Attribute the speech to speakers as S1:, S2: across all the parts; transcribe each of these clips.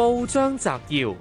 S1: 報章摘要：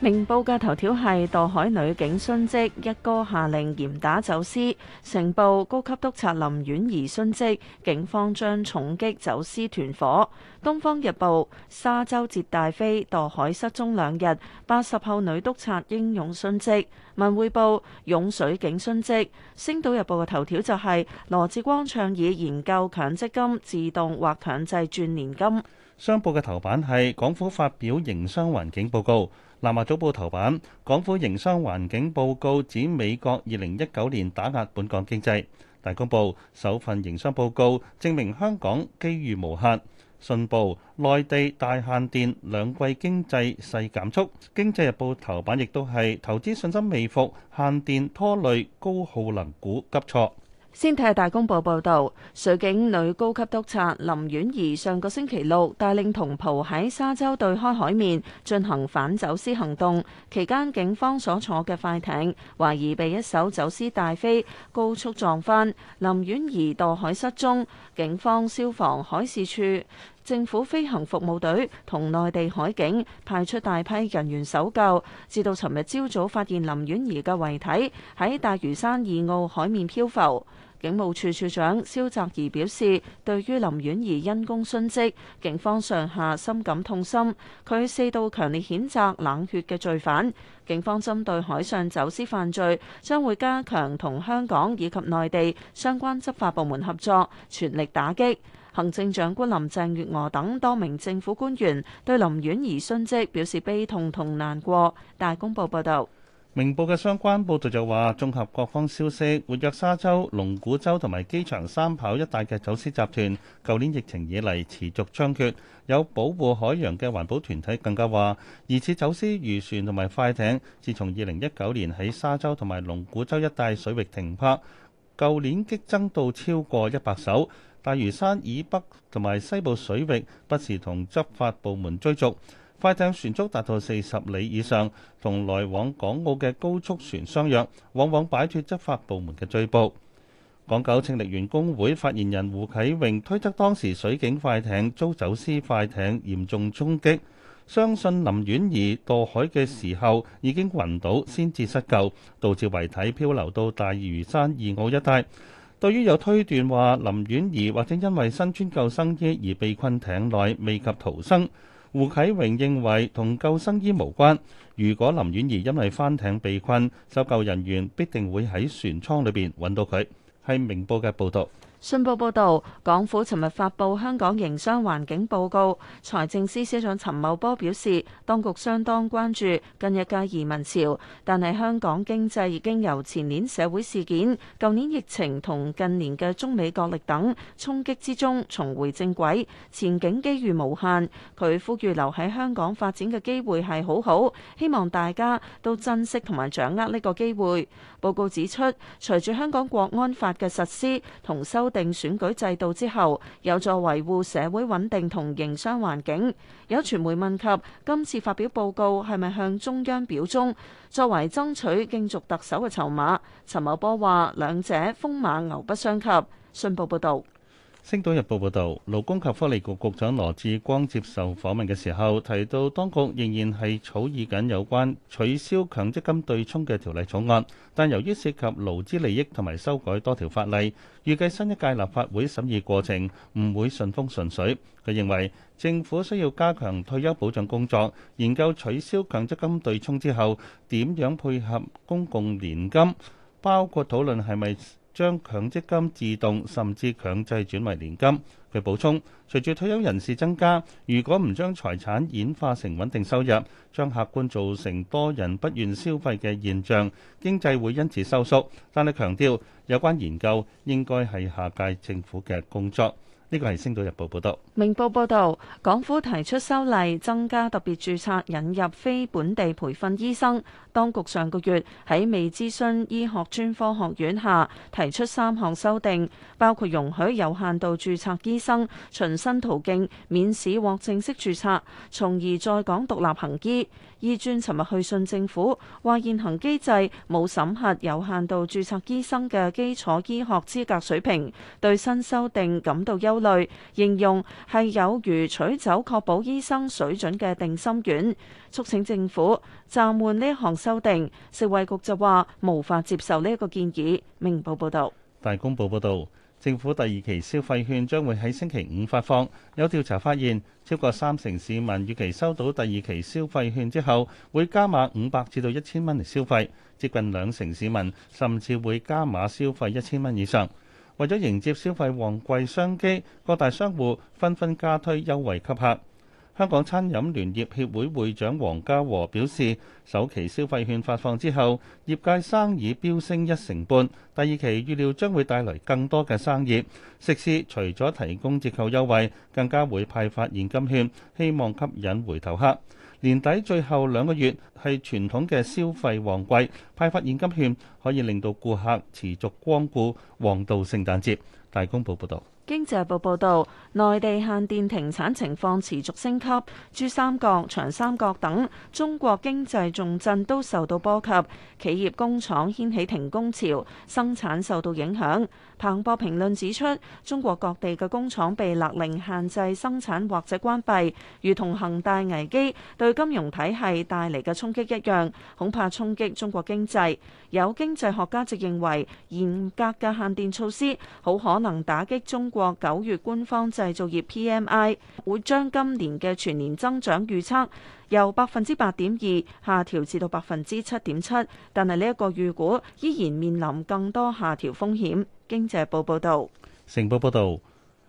S1: 明報嘅頭條係墮海女警殉職，一哥下令嚴打走私；成報高級督察林婉儀殉職，警方將重擊走私團伙。東方日報沙洲截大飛墮海失蹤兩日，八十後女督察英勇殉職。文匯報湧水警殉職。星島日報嘅頭條就係、是、羅智光倡議研究強積金自動或強制轉年金。商報嘅頭
S2: 版係港府發表營商環境報告，南華早報頭版港府營商環境報告指美國二零一九年打壓本港經濟，大公報首份營商報告證明香港機遇無限，信報內地大限電兩季經濟勢減速，經濟日報頭版亦都係投資信心未復，限電拖累高耗能股急挫。
S1: 先睇下大公報報道，水警女高級督察林婉儀上個星期六帶領同袍喺沙洲對開海面進行反走私行動，期間警方所坐嘅快艇懷疑被一艘走私大飛高速撞翻，林婉儀墮海失蹤，警方、消防、海事處。政府飛行服務隊同內地海警派出大批人員搜救，至到尋日朝早發現林婉儀嘅遺體喺大嶼山二澳海面漂浮。警務處處長蕭澤頤表示，對於林婉儀因公殉職，警方上下深感痛心。佢四度強烈譴責冷血嘅罪犯。警方針對海上走私犯罪，將會加強同香港以及內地相關執法部門合作，全力打擊。行政長官林鄭月娥等多名政府官員對林婉儀殉職表示悲痛同難過。大公報報道，明
S2: 報嘅相關報導就話，綜合各方消息，活躍沙洲、龍鼓洲同埋機場三跑一帶嘅走私集團，舊年疫情以嚟持續猖獗。有保護海洋嘅環保團體更加話，疑似走私漁船同埋快艇，自從二零一九年喺沙洲同埋龍鼓洲一帶水域停泊。舊年激增到超過一百艘，大嶼山以北同埋西部水域不時同執法部門追逐，快艇船速達到四十里以上，同來往港澳嘅高速船相若，往往擺脱執法部門嘅追捕。港九清力員工會發言人胡啟榮推測，當時水警快艇遭走私快艇嚴重衝擊。相信林婉儀墮海嘅時候已經暈倒，先至失救，導致遺體漂流到大嶼山二澳一帶。對於有推斷話林婉儀或者因為身穿救生衣而被困艇內未及逃生，胡啟榮認為同救生衣無關。如果林婉儀因為翻艇被困，搜救人員必定會喺船艙裏邊揾到佢。係明報嘅報道。
S1: 信報報導，港府尋日發布香港營商環境報告，財政司司長陳茂波表示，當局相當關注近日嘅移民潮，但係香港經濟已經由前年社會事件、舊年疫情同近年嘅中美角力等衝擊之中重回正軌，前景機遇無限。佢呼籲留喺香港發展嘅機會係好好，希望大家都珍惜同埋掌握呢個機會。報告指出，隨住香港國安法嘅實施同修訂選舉制度之後，有助維護社會穩定同營商環境。有傳媒問及，今次發表報告係咪向中央表忠，作為爭取競逐特首嘅籌碼？陳茂波話，兩者風馬牛不相及。信報報道。
S2: 星島日報報導，勞工及福利局局長羅志光接受訪問嘅時候，提到當局仍然係草擬緊有關取消強積金對沖嘅條例草案，但由於涉及勞資利益同埋修改多條法例，預計新一屆立法會審議過程唔會順風順水。佢認為政府需要加強退休保障工作，研究取消強積金對沖之後點樣配合公共年金，包括討論係咪將強積金自動甚至強制轉為年金。佢補充，隨住退休人士增加，如果唔將財產演化成穩定收入，將客觀造成多人不願消費嘅現象，經濟會因此收縮。但係強調，有關研究應該係下屆政府嘅工作。呢個係星島日報報道。
S1: 明報報道，港府提出修例增加特別註冊引入非本地培訓醫生。當局上個月喺未諮詢醫學專科學院下，提出三項修訂，包括容許有限度註冊醫生循新途徑免試獲正式註冊，從而在港獨立行醫。醫專尋日去信政府，話現行機制冇審核有限度註冊醫生嘅基礎醫學資格水平，對新修訂感到憂。類形容係有如取走確保醫生水準嘅定心丸，促請政府暫緩呢項修訂。食衞局就話無法接受呢一個建議。明報報道。
S2: 大公報報道，政府第二期消費券將會喺星期五發放。有調查發現，超過三成市民預期收到第二期消費券之後，會加碼五百至到一千蚊嚟消費，接近兩成市民甚至會加碼消費一千蚊以上。為咗迎接消費旺季商機，各大商戶紛紛加推優惠給客。香港餐飲聯業協會會長黃家和表示，首期消費券發放之後，業界生意飆升一成半，第二期預料將會帶來更多嘅生意。食肆除咗提供折扣優惠，更加會派發現金券，希望吸引回頭客。年底最後兩個月係傳統嘅消費旺季，派發現金券可以令到顧客持續光顧，旺到聖誕節。大公報報導。
S1: 經濟日報報道，內地限電停產情況持續升級，珠三角、長三角等中國經濟重鎮都受到波及，企業工廠掀起停工潮，生產受到影響。彭博評論指出，中國各地嘅工廠被勒令限制生產或者關閉，如同恒大危機對金融體系帶嚟嘅衝擊一樣，恐怕衝擊中國經濟。有經濟學家就認為，嚴格嘅限電措施好可能打擊中國國九月官方製造業 PMI 會將今年嘅全年增長預測由百分之八點二下調至到百分之七點七，但係呢一個預估依然面臨更多下調風險。經濟報報道，
S2: 成報報道。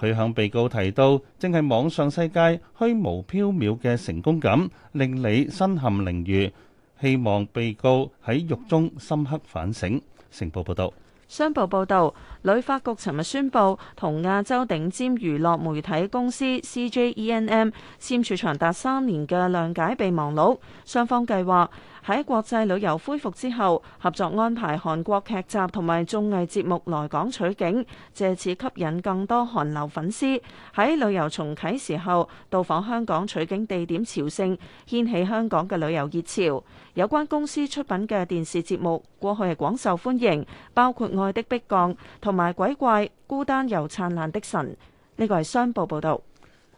S2: 佢向被告提到，正係網上世界虛無縹緲嘅成功感，令你身陷囹圄。希望被告喺獄中深刻反省。成報報道，
S1: 商報報導，旅發局尋日宣布同亞洲頂尖娛樂媒體公司 CJENM 簽署長達三年嘅諒解備忘錄，雙方計劃，喺國際旅遊恢復之後，合作安排韓國劇集同埋綜藝節目來港取景，借此吸引更多韓流粉絲喺旅遊重啟時候到訪香港取景地點朝聖，掀起香港嘅旅遊熱潮。有關公司出品嘅電視節目過去係廣受歡迎，包括《愛的迫降》同埋《鬼怪》、《孤單又燦爛的神》。呢個係商報報道。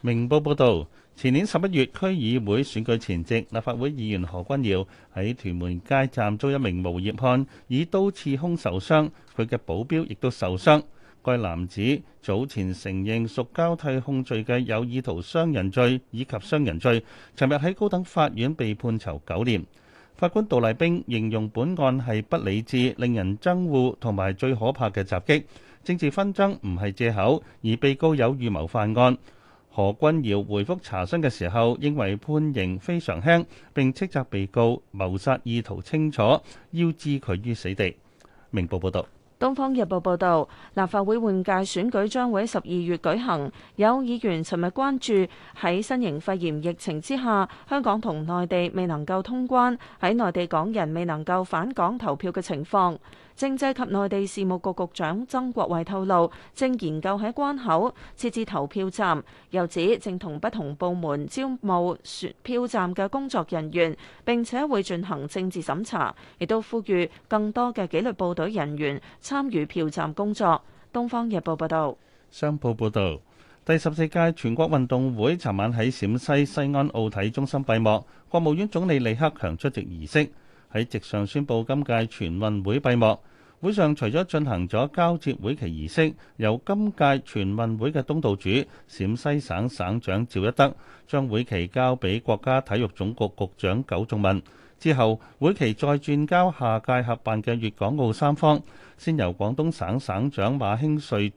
S2: 明報報道。前年十一月區議會選舉前夕，立法會議員何君堯喺屯門街站遭一名無業漢以刀刺胸受傷，佢嘅保鏢亦都受傷。該男子早前承認屬交替控罪嘅有意圖傷人罪以及傷人罪，尋日喺高等法院被判囚九年。法官杜麗冰形容本案係不理智、令人憎惡同埋最可怕嘅襲擊，政治紛爭唔係借口，而被告有預謀犯案。何君堯回覆查詢嘅時候，認為判刑非常輕，並斥責被告謀殺意圖清楚，要置佢於死地。明報報道。
S1: 東方日報報道，立法會換屆選舉將會喺十二月舉行。有議員尋日關注喺新型肺炎疫情之下，香港同內地未能夠通關，喺內地港人未能夠返港投票嘅情況。政制及內地事務局局長曾國衛透露，正研究喺關口設置投票站，又指正同不同部門招募票站嘅工作人員，並且會進行政治審查，亦都呼籲更多嘅紀律部隊人員參與票站工作。《東方日報》報道，
S2: 《商報》報道，第十四屆全國運動會尋晚喺陝西西安奧體中心閉幕，國務院總理李克強出席儀式，喺席上宣布今屆全運會閉幕。會上除咗進行咗交接會期儀式，由今屆全運會嘅東道主陝西省省長趙一德將會期交俾國家體育總局局長苟仲文，之後會期再轉交下屆合辦嘅粵港澳三方，先由廣東省省長馬興瑞，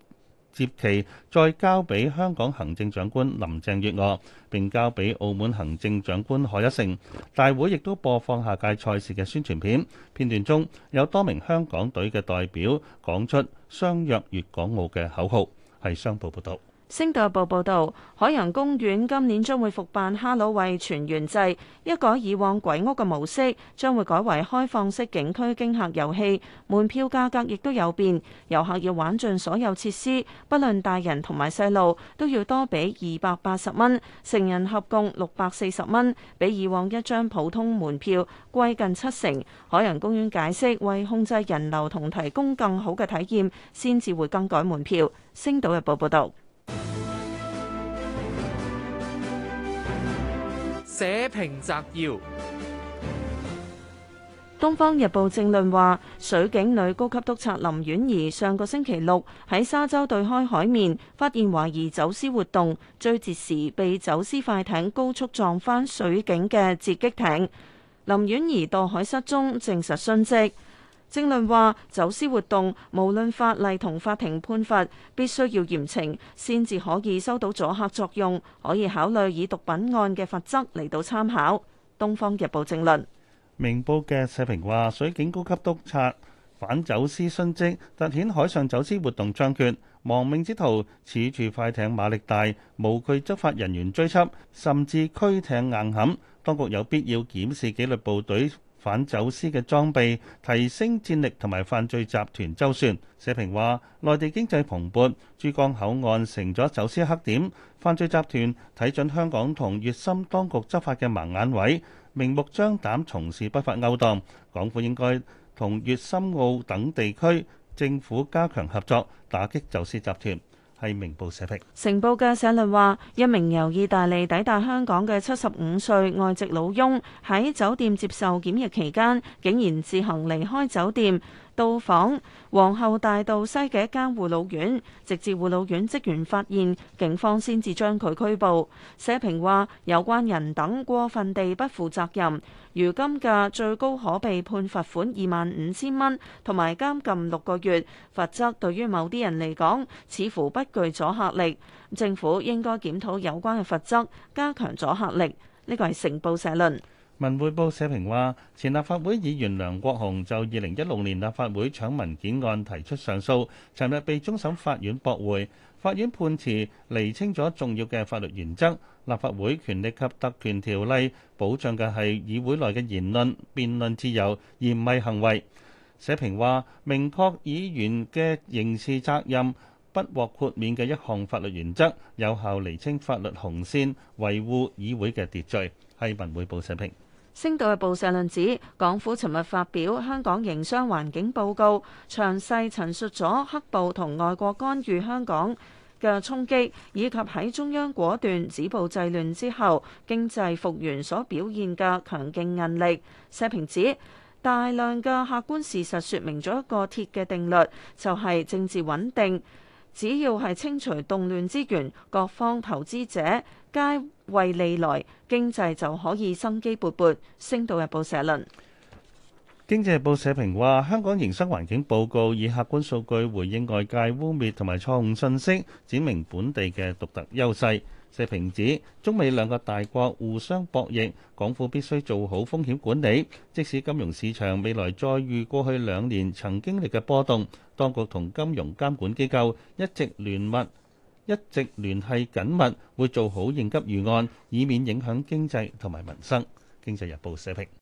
S2: 接旗再交俾香港行政長官林鄭月娥，並交俾澳門行政長官賀一誠。大會亦都播放下屆賽事嘅宣傳片，片段中有多名香港隊嘅代表講出相約粵港澳嘅口號。係商報報道。
S1: 《星島日報》報導，海洋公園今年將會復辦哈囉喂全園祭，一改以往鬼屋嘅模式，將會改為開放式景區驚嚇遊戲。門票價格亦都有變，遊客要玩盡所有設施，不論大人同埋細路，都要多俾二百八十蚊，成人合共六百四十蚊，比以往一張普通門票貴近七成。海洋公園解釋，為控制人流同提供更好嘅體驗，先至會更改門票。《星島日報》報導。報章摘要：《東方日報》政論話，水警女高級督察林婉儀上個星期六喺沙洲對開海面，發現懷疑走私活動，追截時被走私快艇高速撞翻水警嘅截擊艇，林婉儀墮海失蹤，證實殉職。政論話走私活動無論法例同法庭判罰，必須要嚴懲先至可以收到阻嚇作用，可以考慮以毒品案嘅法則嚟到參考。《東方日報》政論。明報嘅
S2: 社評話：水警高級督察反走私殉職，突顯海上走私活動猖獗，亡命之徒恃住快艇馬力大，無懼執法人員追緝，甚至驅艇硬撼。當局有必要檢視紀律部隊。.反走私嘅裝備提升戰力，同埋犯罪集團周旋。社評話：內地經濟蓬勃，珠江口岸成咗走私黑點，犯罪集團睇準香港同粵深當局執法嘅盲眼位，明目張膽從事不法勾當。港府應該同粵深澳等地區政府加強合作，打擊走私集團。係明報社的。
S1: 成報嘅社論話，一名由意大利抵達香港嘅七十五歲外籍老翁，喺酒店接受檢疫期間，竟然自行離開酒店。到訪皇后大道西嘅一間護老院，直至護老院職員發現，警方先至將佢拘捕。社評話：有關人等過分地不負責任，如今嘅最高可被判罰款二萬五千蚊同埋監禁六個月，罰則對於某啲人嚟講似乎不具阻嚇力。政府應該檢討有關嘅罰則，加強阻嚇力。呢個係成報社論。
S2: 文匯報社評話，前立法會議員梁國雄就二零一六年立法會搶文件案提出上訴，尋日被終審法院駁回。法院判詞釐清咗重要嘅法律原則：立法會權力及特權條例保障嘅係議會內嘅言論、辯論自由，而唔係行為。社評話，明確議員嘅刑事責任不獲豁免嘅一項法律原則，有效釐清法律紅線，維護議會嘅秩序，係文匯報社評。
S1: 《星島日報》社論指，港府尋日發表《香港營商環境報告》，詳細陳述咗黑暴同外國干預香港嘅衝擊，以及喺中央果斷止暴制亂之後，經濟復原所表現嘅強勁韌力。社評指，大量嘅客觀事實說明咗一個鐵嘅定律，就係政治穩定，只要係清除動亂之源，各方投資者皆。為未來經濟就可以生機勃勃。星島日報社論，
S2: 經濟日報社評話，香港營商環境報告以客觀數據回應外界污衊同埋錯誤信息，指明本地嘅獨特優勢。社評指中美兩個大國互相博弈，港府必須做好風險管理。即使金融市場未來再遇過去兩年曾經歷嘅波動，當局同金融監管機構一直連密。一直聯繫緊密，會做好應急預案，以免影響經濟同埋民生。經濟日報社評。